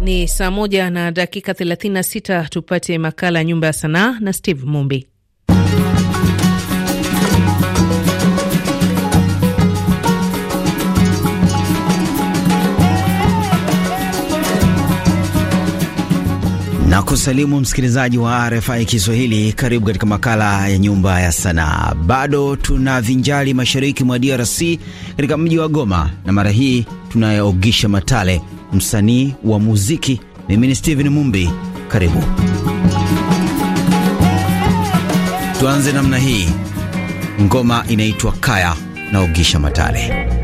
Ni saa moja na dakika 36, tupate makala ya Nyumba ya Sanaa na Steve Mumbi. na kusalimu msikilizaji wa RFI Kiswahili. Karibu katika makala ya nyumba ya sanaa. Bado tuna vinjali mashariki mwa DRC katika mji wa Goma, na mara hii tunayeogisha Matale, msanii wa muziki. Mimi ni Steven Mumbi, karibu tuanze namna hii. Ngoma inaitwa Kaya na Ogisha Matale.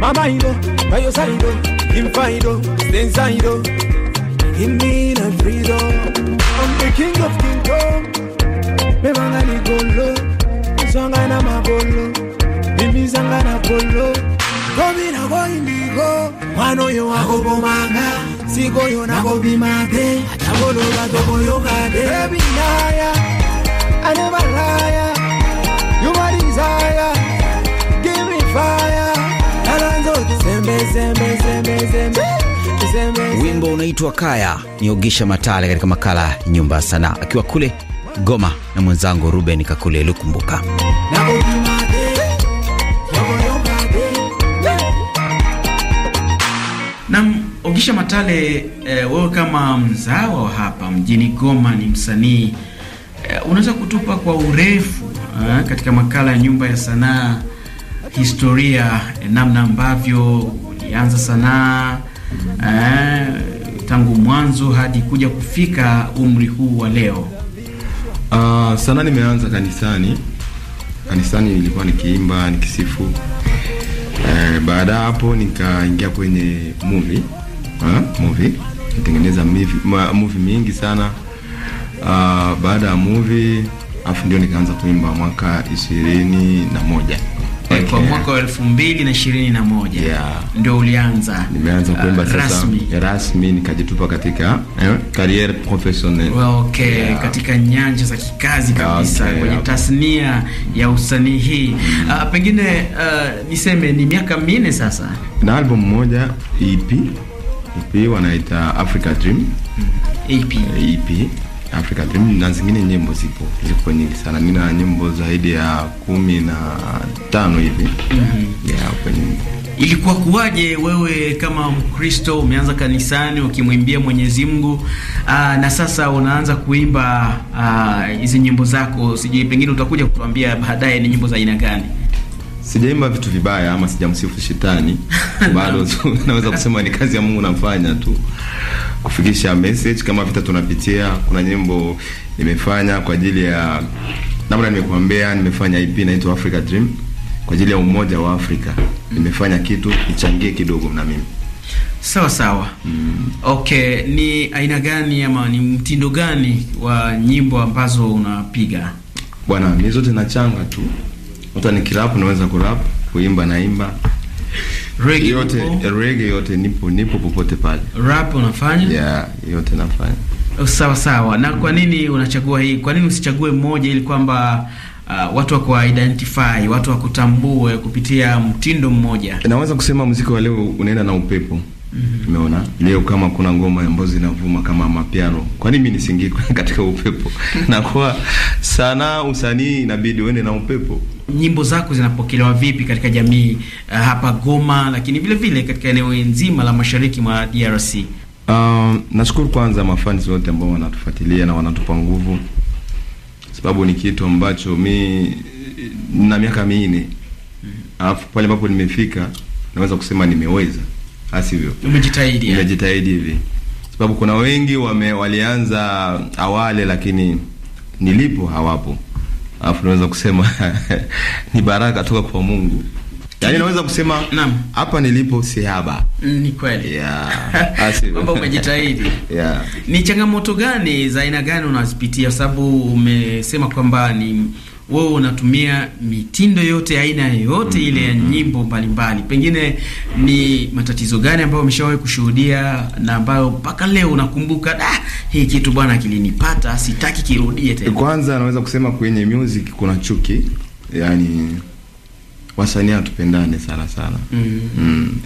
Mama ido, bayo saido, infaido, stensaido. Give me the oh, oh, oh, freedom. I'm the king of kingdom. Me manga ni golo, zanga na magolo, mimi zanga na golo. in na go indigo, mano yo agobo manga, go yo na go bimate, agolo la dogo yo kade. Baby naya, I never lie. wimbo unaitwa Kaya ni Ogisha Matale katika makala Nyumba ya Sanaa akiwa kule Goma na mwenzangu Ruben Kakule Lukumbuka. Nam Ogisha Matale, eh, wewe kama mzawa wa hapa mjini Goma ni msanii eh, unaweza kutupa kwa urefu eh, katika makala ya Nyumba ya Sanaa historia, eh, namna ambavyo ulianza sanaa eh, tangu mwanzo hadi kuja kufika umri huu wa leo? Uh, sanaa nimeanza kanisani. Kanisani nilikuwa nikiimba, nikisifu. Eh, baada hapo nikaingia kwenye movie. Ha? Ah, movie. Nitengeneza movie, movie mingi sana. Uh, baada ya movie afu ndio nikaanza kuimba mwaka ishirini na moja kwa mwaka wa elfu mbili na ishirini na moja yeah. Ndio ulianza? Nimeanza kuimba uh, sasa rasmi rasmi nikajitupa katika eh, career professionnelle well, okay. yeah. Katika nyanja za kikazi kabisa okay, kwenye yeah. tasnia ya usanii hii mm. Uh, pengine uh, niseme ni miaka minne sasa na album moja EP EP wanaita Africa Dream mm. EP EP Afrika Dream na zingine nyimbo zipo zipo nyingi sana. Mimi na nyimbo zaidi ya kumi na tano hivi mm -hmm. yeah, kwenye Ilikuwa kuwaje wewe kama Mkristo umeanza kanisani ukimwimbia Mwenyezi Mungu ah, na sasa unaanza kuimba ah, hizi nyimbo zako? Sijui pengine utakuja kutuambia baadaye ni nyimbo za aina gani? Sijaimba vitu vibaya ama sijamsifu shetani bado naweza kusema ni kazi ya Mungu nafanya tu kufikisha message kama vita tunapitia. Kuna nyimbo nimefanya kwa ajili ya namna nimekuambia, nimefanya EP inaitwa Africa Dream kwa ajili ya umoja wa Afrika. Nimefanya kitu ichangie kidogo na mimi sawa sawa. Mm. Okay, ni aina gani ama ni mtindo gani wa nyimbo ambazo unapiga bwana? Mimi zote nachanga tu mtu anikirap naweza kurap, kuimba naimba Reggae yote, reggae yote nipo nipo popote pale. Rap unafanya? Yeah, yote nafanya. Oh, sawa sawa. Na kwa nini unachagua hii? Kwa nini usichague mmoja ili kwamba uh, watu wako identify, watu wakutambue kupitia mtindo mmoja? Naweza kusema muziki wa leo unaenda na upepo. Mhm. Umeona? mm -hmm. Leo kama kuna ngoma ambazo zinavuma kama mapiano, kwa nini mimi nisingie katika upepo? na kwa sana usanii inabidi uende na upepo. Nyimbo zako zinapokelewa vipi katika jamii uh, hapa Goma, lakini vile vile katika eneo nzima la mashariki mwa DRC? Um, nashukuru kwanza mafans wote ambao wanatufuatilia na wanatupa nguvu, sababu ni kitu ambacho mi na miaka minne, mhm. alafu pale ambapo nimefika naweza kusema nimeweza mm asivyo. Ah, umejitahidi, umejitahidi eh? hivi sababu kuna wengi wame, walianza awali lakini nilipo hawapo, alafu naweza kusema ni baraka toka kwa Mungu. Yaani naweza kusema naam, hapa nilipo si haba. Mm, ni kweli. Yeah. Kwamba umejitahidi. Yeah. Ni changamoto gani za aina gani unazipitia? Sababu umesema kwamba ni wewe unatumia mitindo yote aina yoyote mm-hmm. ile ya nyimbo mbalimbali, pengine ni matatizo gani ambayo umeshawahi kushuhudia na ambayo mpaka leo unakumbuka, da, ah, hii kitu bwana kilinipata, sitaki kirudie tena? Kwanza naweza kusema kwenye music kuna chuki, yani wasanii hatupendane sana sana, mm-hmm. mm mm.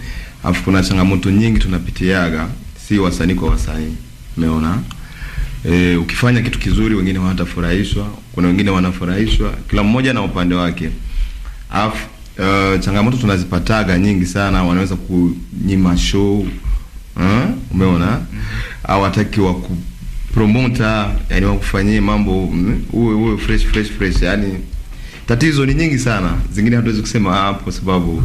Afu kuna changamoto nyingi tunapitiaga, si wasanii kwa wasanii, umeona E, ukifanya kitu kizuri wengine hawatafurahishwa, kuna wengine wanafurahishwa, kila mmoja na upande wake. Alafu uh, eh, changamoto tunazipataga nyingi sana, wanaweza kunyima show uh, umeona, hataki mm-hmm. wa kupromota, yani wakufanyie mambo mm, uwe uwe fresh fresh fresh, yani tatizo ni nyingi sana, zingine hatuwezi kusema hapo ah, sababu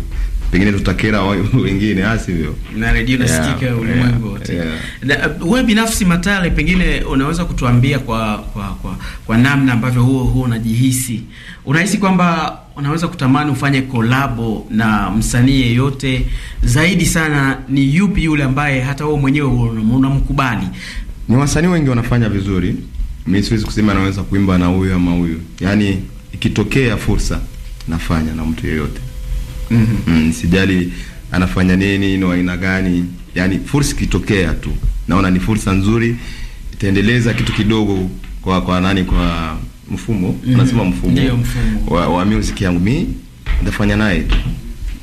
pengine tutakera wengine asivyo, ah, na redio nasikika yeah, ulimwengu wote yeah, yeah. Wewe binafsi Matale, pengine unaweza kutuambia kwa kwa, kwa, kwa namna ambavyo huo huo unajihisi, unahisi kwamba unaweza kutamani ufanye kolabo na msanii yeyote zaidi sana, ni yupi yule ambaye hata wewe mwenyewe unamkubali? Ni wasanii wengi wanafanya vizuri, mimi siwezi kusema naweza kuimba na huyu ama huyu, yaani ikitokea fursa nafanya na mtu yeyote Mhm. mm -hmm. mm, sijali anafanya nini ni aina gani, yani fursa ikitokea tu, naona ni fursa nzuri, itaendeleza kitu kidogo kwa kwa nani, kwa mfumo mm -hmm. mfumo, ndio mfumo wa, wa music yangu, mi nitafanya naye tu.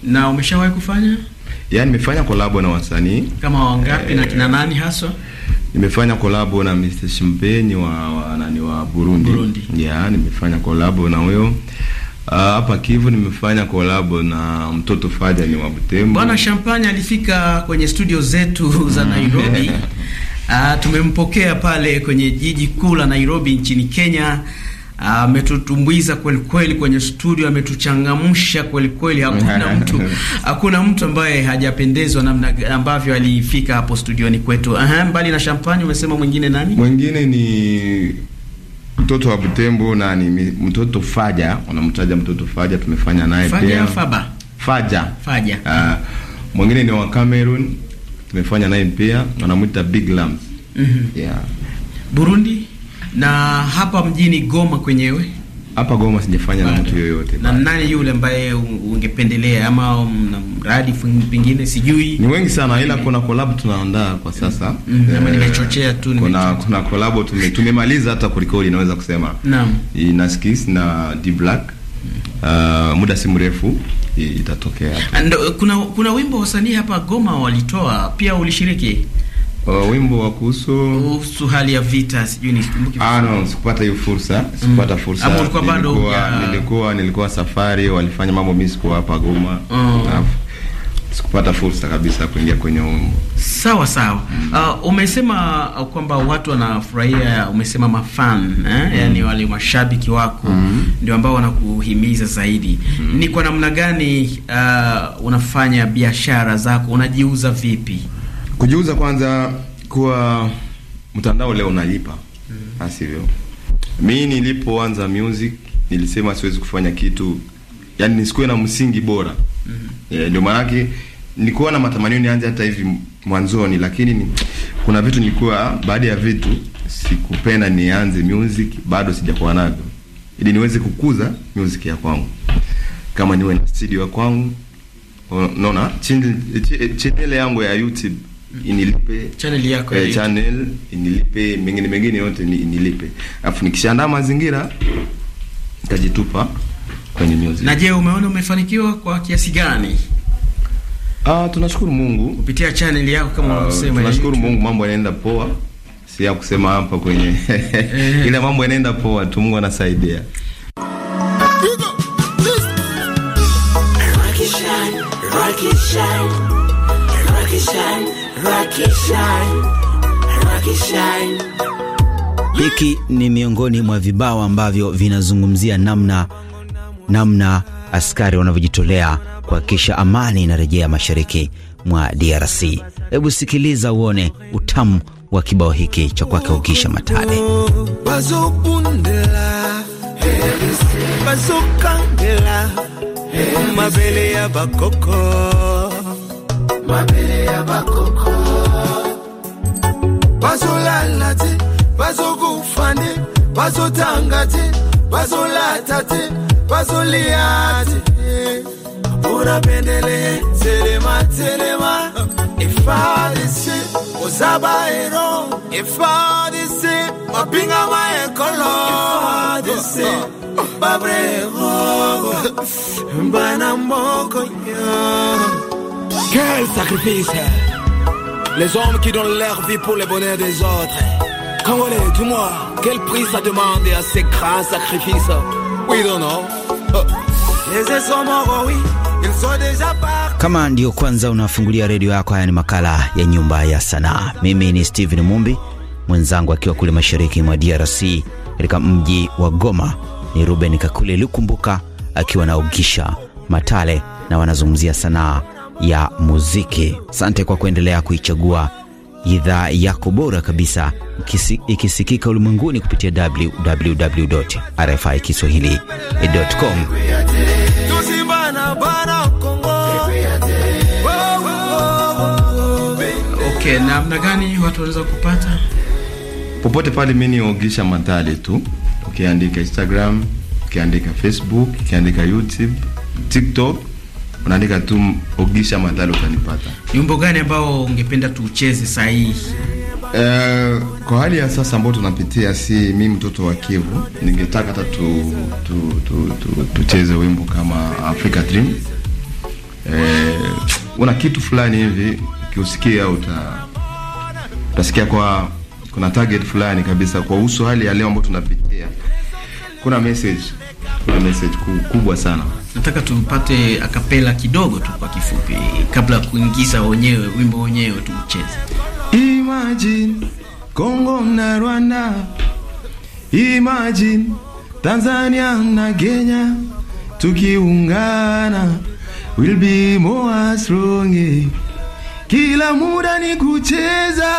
Na umeshawahi kufanya? Yani nimefanya kolabo na wasanii kama wangapi? Eh, na kina nani haswa? Nimefanya kolabo na Mr. Shimpeni wa, wa nani wa Burundi, Burundi. Yeah, nimefanya kolabo na huyo Ah, hapa Kivu nimefanya kolabo na mtoto ni wa Butembo. Bwana Champagne alifika kwenye studio zetu za mm. Nairobi. Uh, tumempokea pale kwenye jiji kuu la Nairobi nchini Kenya. Ah, ametutumbuiza uh, kweli kweli kwenye studio, ametuchangamsha kweli kweli. Hakuna mtu hakuna mtu ambaye hajapendezwa namna ambavyo alifika hapo studioni kwetu. Aha, mbali na Champagne umesema mwingine nani? Mwingine ni mtoto wa Butembo na ni mtoto Faja, unamtaja mtoto Faja, tumefanya naye pia Faja Faja, Faja. Uh, mwingine ni wa Cameroon tumefanya naye pia, wanamuita Big Lamb. mm -hmm. yeah. Burundi na hapa mjini Goma kwenyewe hapa Goma sijafanya na mtu yoyote. Na nani yule ambaye ungependelea ama na mradi pengine sijui? Ni wengi sana ila kuna collab tunaandaa kwa sasa. Mm Ama eh, nimechochea tu kuna kuna collab tume, tumemaliza hata kurekodi naweza kusema. Naam. Inaskis na D Black. Uh, ah, muda si mrefu itatokea. Kuna kuna wimbo wasanii hapa Goma walitoa pia ulishiriki? Uh, wimbo wa kuhusu kuhusu hali ya vita, sijui nisikumbuke. Ah, no, sikupata hiyo fursa, mm. sikupata mm. fursa. Hapo nilikuwa, bado nilikuwa, ya... nilikuwa nilikuwa safari, walifanya mambo, mimi sikuwa hapa Goma. Oh. Sikupata fursa kabisa kuingia kwenye wimbo. Sawa sawa. Mm. Uh, umesema uh, kwamba watu wanafurahia, umesema mafan eh? mm. Yani wale mashabiki wako mm. ndio ambao wanakuhimiza zaidi mm. Ni kwa namna gani uh, unafanya biashara zako, unajiuza vipi? kujiuza kwanza kuwa mtandao leo unalipa mm. Mm-hmm. Sivyo? Mi nilipoanza music nilisema siwezi kufanya kitu yani nisikuwe na msingi bora mm. Mm-hmm. Yeah, ndio maanake nilikuwa na matamanio nianze hata hivi mwanzoni, lakini ni, kuna vitu nilikuwa baada ya vitu sikupenda nianze music, bado sijakuwa navyo, ili niweze kukuza music ya kwangu, kama niwe na studio ya kwangu. Unaona channel eh, yangu ya YouTube Mm. inilipe channel yako eh, channel inilipe, mengine mengine yote inilipe, afu nikishaandaa mazingira nitajitupa kwenye music. Na je, umeona umefanikiwa kwa kiasi gani? Ah, tunashukuru Mungu kupitia channel yako kama ah, unavyosema. tunashukuru Mungu, mambo yanaenda poa, si ya kusema hapa kwenye eh. ile mambo yanaenda poa tu, Mungu anasaidia. Rocky shine, Rocky shine, Rocky shine. Hiki ni miongoni mwa vibao ambavyo vinazungumzia namna namna askari wanavyojitolea kuhakikisha amani inarejea mashariki mwa DRC. Hebu sikiliza uone utamu wa kibao hiki cha kwake Ukisha Matale. Mabele ya bakoko, mabele ya bakoko bazolala te bazokufa nde bazotanga te bazolata te bazolia te unapendele telema telema ifadisi ozabaero ifadisi mapinga maekolo ifadisi babrego bana mboko yo quel sacrifice Les hommes qui donnent leur vie pour le bonheur des autres. Congolais, dis-moi, quel prix ça demande à ces grands sacrifices We don't know. Kama ndio kwanza unafungulia redio yako, haya ni makala ya Nyumba ya Sanaa. Mimi ni Steven Mumbi, mwenzangu akiwa kule mashariki mwa DRC katika mji wa Goma ni Ruben Kakule Lukumbuka akiwa na Ugisha Matale, na wanazungumzia sanaa ya muziki. Asante kwa kuendelea kuichagua idhaa yako bora kabisa ikisikika ulimwenguni kupitia www RFI Kiswahili.com. namna gani watu wanaweza kupata popote pale? Mimi niogisha matale tu, ukiandika Instagram, ukiandika Facebook, ukiandika YouTube, TikTok unaandika tu Ogisha Madhali utanipata. Nyimbo gani ambao ungependa tuucheze saa hii? Uh, eh, kwa hali ya sasa ambayo tunapitia, si mi mtoto wa Kivu, ningetaka hata tu, tu, tu, tu, tucheze wimbo kama Africa Dream. Uh, una kitu fulani hivi ukiusikia uta, utasikia kwa kuna target fulani kabisa kwa uso hali ya leo ambayo tunapitia, kuna message, kuna message kubwa sana nataka tupate akapela kidogo tu kwa kifupi, kabla ya kuingiza wenyewe wimbo wenyewe tuucheze. Imagine Kongo na Rwanda, imagine Tanzania na Kenya tukiungana, will be more strong. Kila muda ni kucheza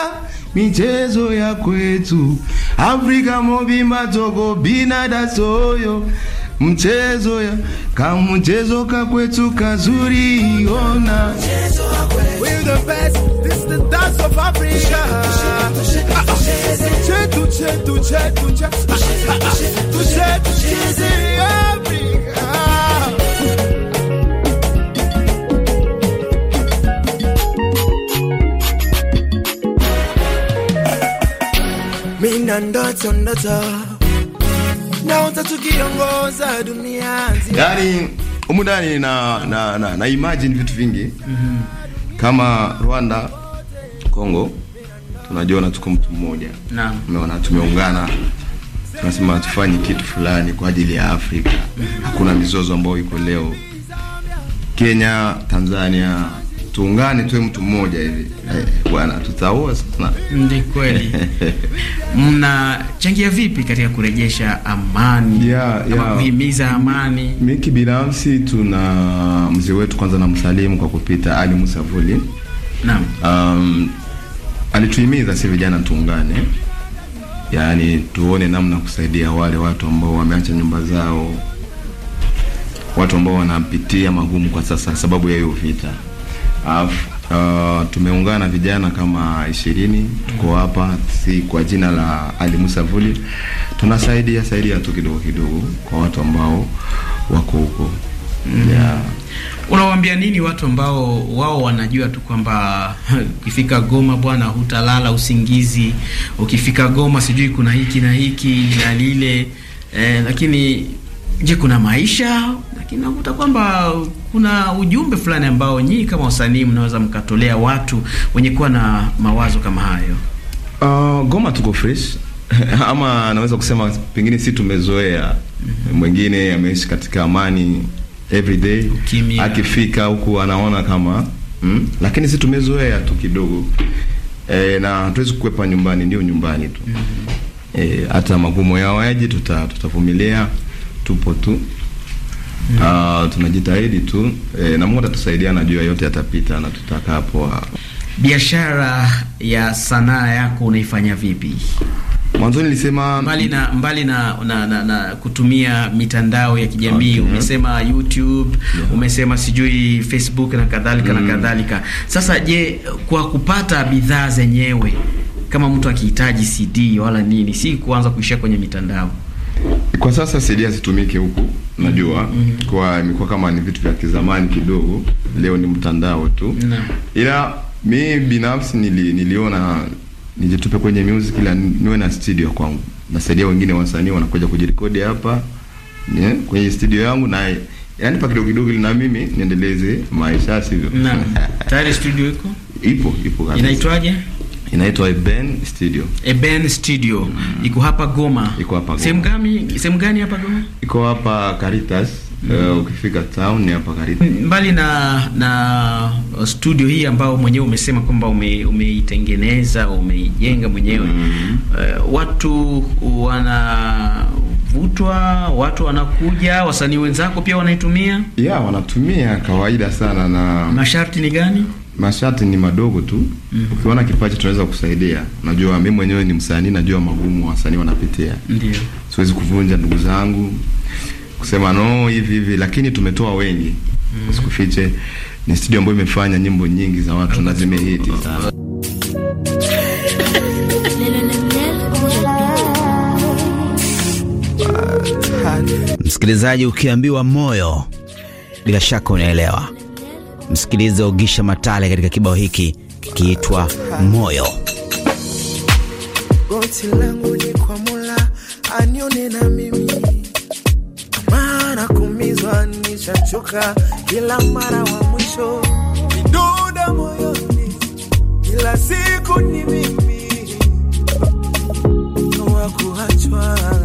michezo ya kwetu Afrika mobimba togo binadasoyo mchezo ya kama kazuri ona We're the best, this the dance of Africa. Mina ndoto ndoto naota tukiongoza dunia nzima. Yani humu ndani na, na, na, na imagine vitu vingi mm -hmm. kama Rwanda, Kongo tunajiona tuko mtu mmoja, naam, umeona tumeungana tunasema tufanye kitu fulani kwa ajili ya Afrika. Mm-hmm. Hakuna mizozo ambayo iko leo Kenya, Tanzania tuungane tuwe mtu mmoja hivi eh, bwana, tutaoa sana. Ndi kweli. Mnachangia vipi katika kurejesha amani yeah, yeah, kuhimiza amani? Mimi binafsi, tuna mzee wetu kwanza, namsalimu kwa kupita Ali Musavuli. Naam. Um, alituhimiza si vijana tuungane, yaani tuone namna kusaidia wale watu ambao wameacha nyumba zao, watu ambao wanapitia magumu kwa sasa sababu ya hiyo vita Alafu uh, tumeungana vijana kama ishirini tuko mm. hapa, si kwa jina la Ali Musa Vuli, tunasaidia saidia tu kidogo kidogo kwa watu ambao wako huko mm. yeah. Unawaambia nini watu ambao wao wanajua tu kwamba ukifika Goma bwana, hutalala usingizi, ukifika Goma sijui kuna hiki na hiki na lile eh, lakini je, kuna maisha? Lakini nakuta kwamba kuna ujumbe fulani ambao nyinyi kama wasanii mnaweza mkatolea watu wenye kuwa na mawazo kama hayo? Uh, Goma tuko fresh ama naweza kusema pengine si tumezoea. Mwingine ameishi katika amani everyday, akifika huku anaona kama mm, lakini si tumezoea tu kidogo e, na hatuwezi kukwepa nyumbani, ndio nyumbani tu mm -hmm. E, magumu yao yaje, tutavumilia, tuta tupo tu Mm. Uh, ah, tunajitahidi tu eh, na Mungu atatusaidia, najua yote yatapita na hapo. Biashara ya sanaa yako unaifanya vipi? Mwanzo nilisema mbali na mbali na, na, na, na kutumia mitandao ya kijamii okay. Umesema YouTube yeah. Umesema sijui Facebook na kadhalika mm. na kadhalika. Sasa je, kwa kupata bidhaa zenyewe kama mtu akihitaji CD wala nini, si kuanza kuishia kwenye mitandao? Kwa sasa CD hazitumiki huku najua mm -hmm. kwa imekuwa kama ni vitu vya kizamani kidogo, leo ni mtandao tu no. Ila mi binafsi nili, niliona nijitupe kwenye music, ila niwe na studio kwangu, nasaidia wengine wasanii wanakuja kujirekodi hapa kwenye studio yangu na yani kidogo kidogo ili na mimi niendeleze maisha, sivyo? Naam, tayari studio iko ipo ipo kabisa. Inaitwaje? Inaitwa Eben Studio. Eben Studio. Mm. Iko hapa Goma. Iko hapa Goma. Sehemu gani? Sehemu gani hapa Goma? Iko hapa Caritas. Mm. Uh, ukifika town ni hapa Caritas. Mm, mbali na na studio hii ambayo mwenyewe umesema kwamba umeitengeneza, ume, umeijenga mwenyewe. Mm. Uh, watu wana vutwa watu wanakuja, wasanii wenzako pia wanaitumia? Yeah, wanatumia kawaida sana. Na masharti ni gani? mashati ni madogo tu mm Ukiona kipaji tunaweza kusaidia. Najua mimi mwenyewe ni msanii, najua magumu wasanii wanapitia, ndio siwezi kuvunja ndugu zangu kusema no hivi hivi, lakini tumetoa wengi mm Usikufiche, ni studio ambayo imefanya nyimbo nyingi za watu na zimehiti sana. Msikilizaji, ukiambiwa moyo bila shaka unaelewa. Msikilize Ogisha Matale katika kibao hiki kikiitwa Moyo. Goti langu ni kwa Mola anione na mimi, mara kumizwa nishachoka, kila mara wa mwisho vidoda moyoni, kila siku ni mimi wa kuachwa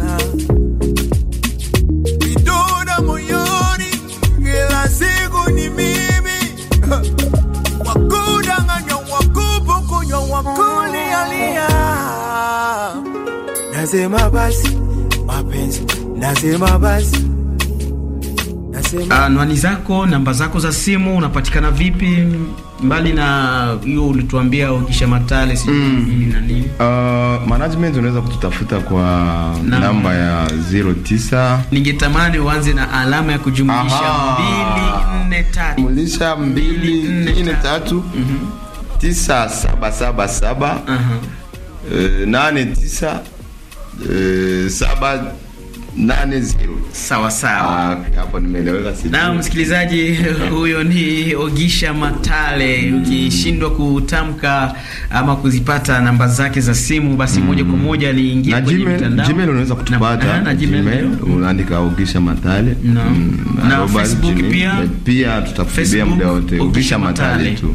nasema basi mapenzi, nasema basi Anwani ah, zako namba zako za simu unapatikana vipi? Mbali na hiyo ulituambia ukisha matale si mm. nini na nini? Uh, ah, management unaweza kututafuta kwa na namba ya 09. Ningetamani uanze na alama ya kujumlisha 243. Jumlisha 243 977 7 8 9 Eh, saba nane zero. Sawa sawa. Ah, hapo nimeeleweka sisi. Na msikilizaji huyo ni Ogisha Matale. Hmm. Ukishindwa kutamka ama kuzipata namba zake za simu basi mm, moja kwa moja niingie kwenye mtandao. Gmail unaweza kutupata. Na Gmail unaandika Ogisha Matale. No. Mm, na Facebook Pia pia tutafuatilia muda wote Ogisha Matale tu.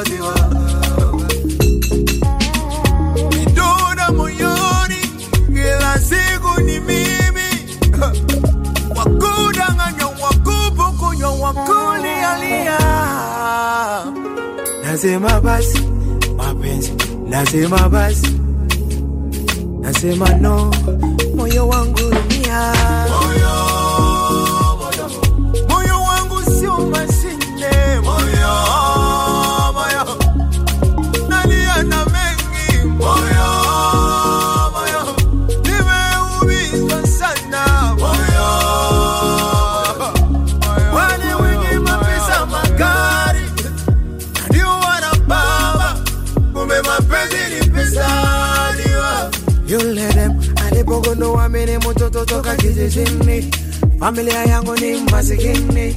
nasema basi mapenzi, nasema basi, nasema no, moyo wangu rumia, moyo shule dem alipogundua mtoto toka kijijini familia yangu ni masikini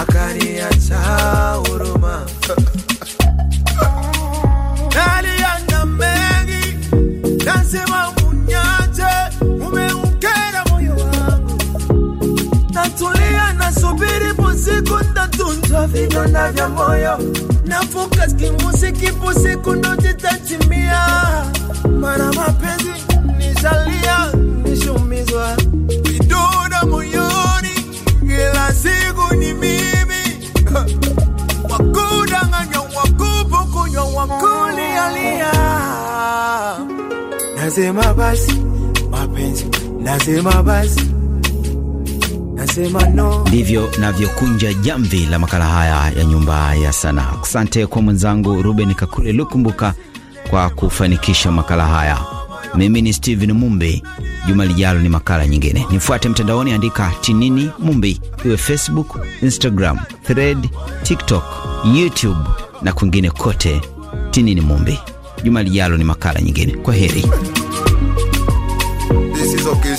akari acha akaniacha huruma nalianda mengi nasema munyaje umeukera moyo wangu natulia nasubiri pumziko ndatunzwa vidonda vya moyo na focus kimuziki, ipo siku ndo titatimia, mana mapenzi nizalia nishumizwa vidona moyoni, kila siku ni mimi wakudanganya, wakupo kunywa, nasema basi mapenzi, nasema basi ndivyo navyokunja jamvi la makala haya ya Nyumba ya Sanaa. Asante kwa mwenzangu Ruben Kakule Lukumbuka kwa kufanikisha makala haya. Mimi ni stephen Mumbi. Juma lijalo ni makala nyingine. Nifuate mtandaoni, andika tinini Mumbi, iwe Facebook, Instagram, Thread, TikTok, YouTube na kwingine kote, tinini Mumbi. Juma lijalo ni makala nyingine. Kwa heri. This is okay,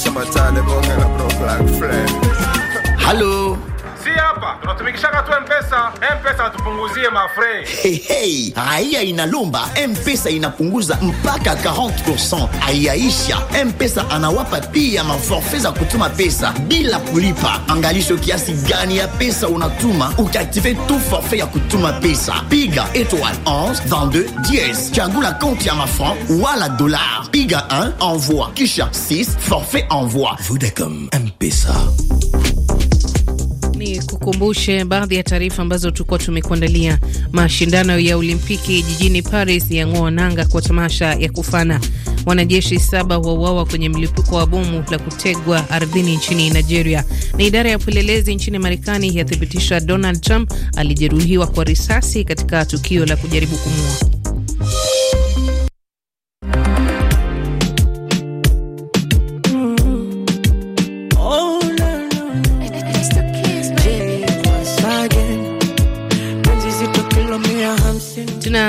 Halo. Si hapa tunatumikishaka tu Mpesa. Mpesa tupunguzie frais. Hey, hey. Raia inalomba Mpesa inapunguza mpaka 40%. Aiyaisha Mpesa anawapa pia maforfe za kutuma pesa bila kulipa. Angalisho kiasi gani ya pesa unatuma ukiaktive tu forfait ya kutuma pesa. Piga étoile 11 22 10 chagula compte ya mafranc wala dollar. Piga 1 envoi kisha 6 forfait envoi. comme Mpesa. Ni kukumbushe baadhi ya taarifa ambazo tulikuwa tumekuandalia. Mashindano ya Olimpiki jijini Paris yang'oa nanga kwa tamasha ya kufana. Wanajeshi saba wauawa kwenye mlipuko wa bomu la kutegwa ardhini nchini Nigeria. Na idara ya upelelezi nchini Marekani yathibitisha Donald Trump alijeruhiwa kwa risasi katika tukio la kujaribu kumua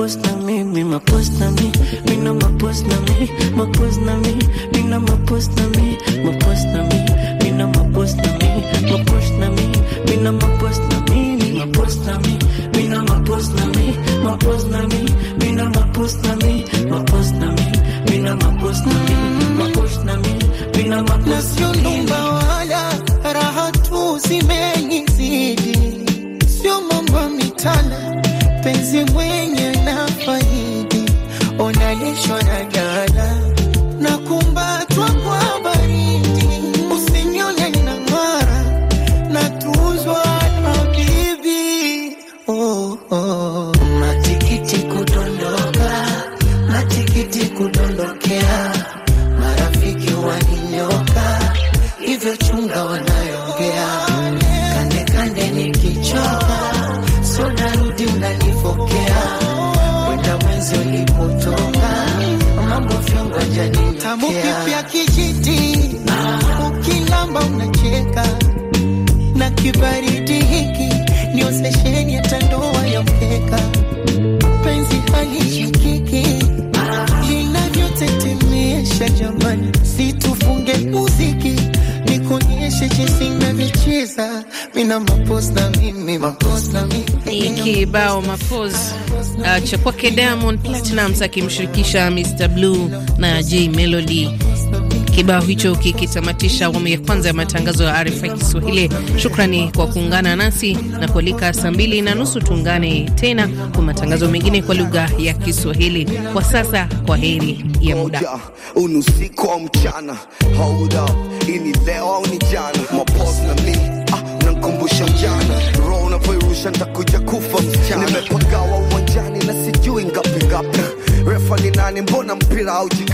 mapost na mi, mi na mi, mi na mi, na mi, mi na mi, na mi, mi na mi, na mi, mi na mi, mi na mi, mi na mi, na mi, mi na mi, na mi, mi na mi, na mi, mi na mi. raha tu zimenizidi, sio mambo mitana penzi mwe maisha jamani, situfunge muziki, nikuonyeshe jinsi mina na mimi na mimi kibao mapos uh, cha kwake Diamond Platnumz akimshirikisha Mr Blue na J Melody Kibao hicho kikitamatisha awamu ya kwanza ya matangazo ya RFI Kiswahili. Shukrani kwa kuungana nasi na kualika, saa mbili na nusu tuungane tena kwa matangazo mengine kwa lugha ya Kiswahili. Kwa sasa, kwa heri ya muda. Unusiku wa mchana ini leo au ni jana, mapos na mi ah, nankumbusha mjana, roho unavyoirusha ntakuja kufa msichana, nimepagawa uwanjani na sijui ngapi ngapi, refa ni nani, mbona mpira haujikata?